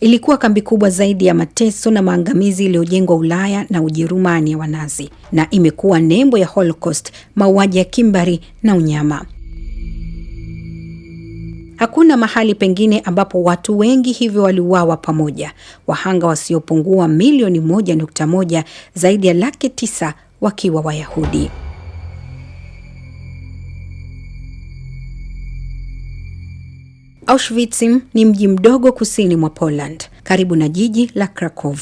Ilikuwa kambi kubwa zaidi ya mateso na maangamizi iliyojengwa Ulaya na Ujerumani ya Wanazi, na imekuwa nembo ya Holocaust, mauaji ya kimbari na unyama. Hakuna mahali pengine ambapo watu wengi hivyo waliuawa pamoja, wahanga wasiopungua milioni 1.1, zaidi ya laki tisa wakiwa Wayahudi. Auschwitz ni mji mdogo kusini mwa Poland karibu na jiji la Krakow.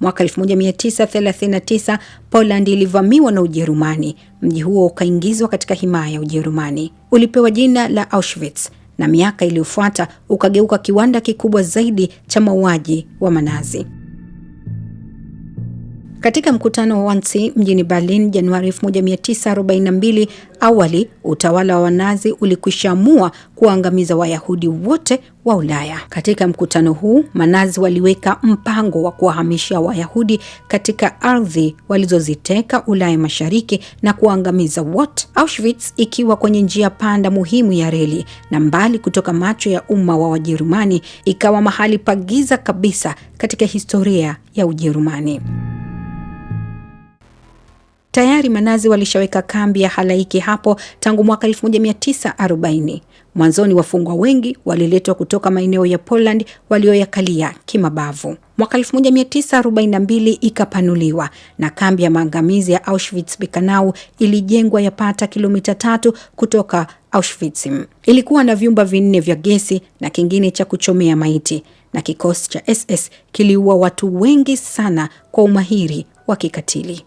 Mwaka 1939 Poland ilivamiwa na Ujerumani. Mji huo ukaingizwa katika himaya ya Ujerumani, ulipewa jina la Auschwitz na miaka iliyofuata ukageuka kiwanda kikubwa zaidi cha mauaji wa Manazi. Katika mkutano wa Wannsee mjini Berlin Januari 1942, awali utawala wa Wanazi ulikwishamua kuwaangamiza Wayahudi wote wa Ulaya. Katika mkutano huu, Manazi waliweka mpango wa kuwahamisha Wayahudi katika ardhi walizoziteka Ulaya Mashariki na kuwaangamiza wote, Auschwitz ikiwa kwenye njia panda muhimu ya reli na mbali kutoka macho ya umma wa Wajerumani, ikawa mahali pagiza kabisa katika historia ya Ujerumani. Tayari Manazi walishaweka kambi ya halaiki hapo tangu mwaka 1940. Mwanzoni wafungwa wengi waliletwa kutoka maeneo ya Poland walioyakalia kimabavu. Mwaka 1942 ikapanuliwa na kambi ya maangamizi ya Auschwitz bikanau ilijengwa yapata kilomita tatu kutoka Auschwitz. Ilikuwa na vyumba vinne vya gesi na kingine cha kuchomea maiti, na kikosi cha SS kiliua watu wengi sana kwa umahiri wa kikatili.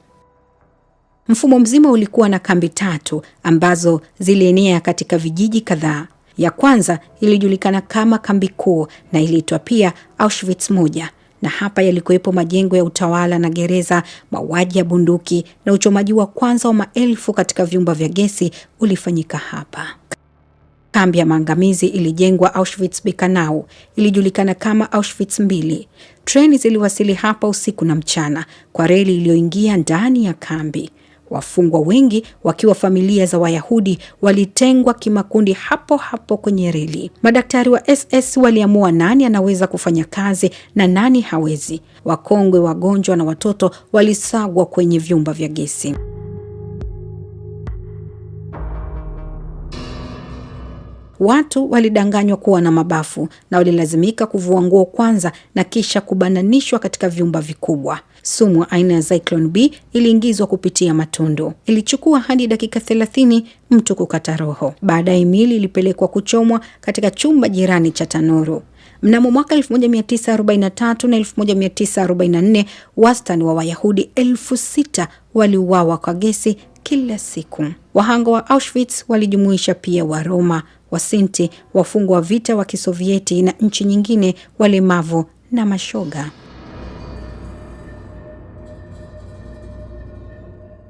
Mfumo mzima ulikuwa na kambi tatu ambazo zilienea katika vijiji kadhaa. Ya kwanza ilijulikana kama kambi kuu na iliitwa pia Auschwitz moja, na hapa yalikuwepo majengo ya utawala na gereza, mauaji ya bunduki na uchomaji wa kwanza wa maelfu katika vyumba vya gesi ulifanyika hapa. Kambi ya maangamizi ilijengwa Auschwitz bikanau ilijulikana kama Auschwitz mbili. Treni ziliwasili hapa usiku na mchana kwa reli iliyoingia ndani ya kambi. Wafungwa wengi wakiwa familia za Wayahudi walitengwa kimakundi hapo hapo kwenye reli. Madaktari wa SS waliamua nani anaweza kufanya kazi na nani hawezi. Wakongwe, wagonjwa na watoto walisagwa kwenye vyumba vya gesi. Watu walidanganywa kuwa na mabafu na walilazimika kuvua nguo kwanza na kisha kubananishwa katika vyumba vikubwa. Sumu aina ya Zyklon B iliingizwa kupitia matundu. Ilichukua hadi dakika thelathini mtu kukata roho. Baadaye mili ilipelekwa kuchomwa katika chumba jirani cha tanuru. Mnamo mwaka 1943 na 1944 wastani wa Wayahudi elfu sita waliuawa kwa gesi kila siku. Wahanga wa Auschwitz walijumuisha pia Waroma, Wasinti, wafungwa wa vita wa Kisovieti na nchi nyingine, walemavu na mashoga.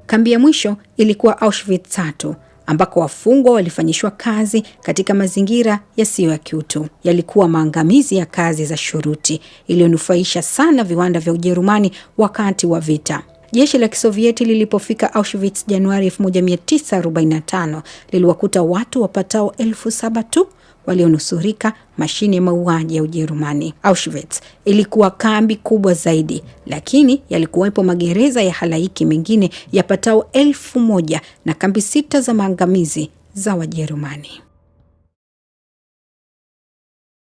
Kambi ya mwisho ilikuwa Auschwitz tatu ambako wafungwa walifanyishwa kazi katika mazingira yasiyo ya kiutu. Yalikuwa maangamizi ya kazi za shuruti iliyonufaisha sana viwanda vya Ujerumani wakati wa vita. Jeshi la Kisovieti lilipofika Auschwitz Januari 1945 liliwakuta watu wapatao elfu saba tu walionusurika mashine ya mauaji ya Ujerumani. Auschwitz ilikuwa kambi kubwa zaidi, lakini yalikuwepo magereza ya halaiki mengine yapatao elfu moja na kambi sita za maangamizi za Wajerumani.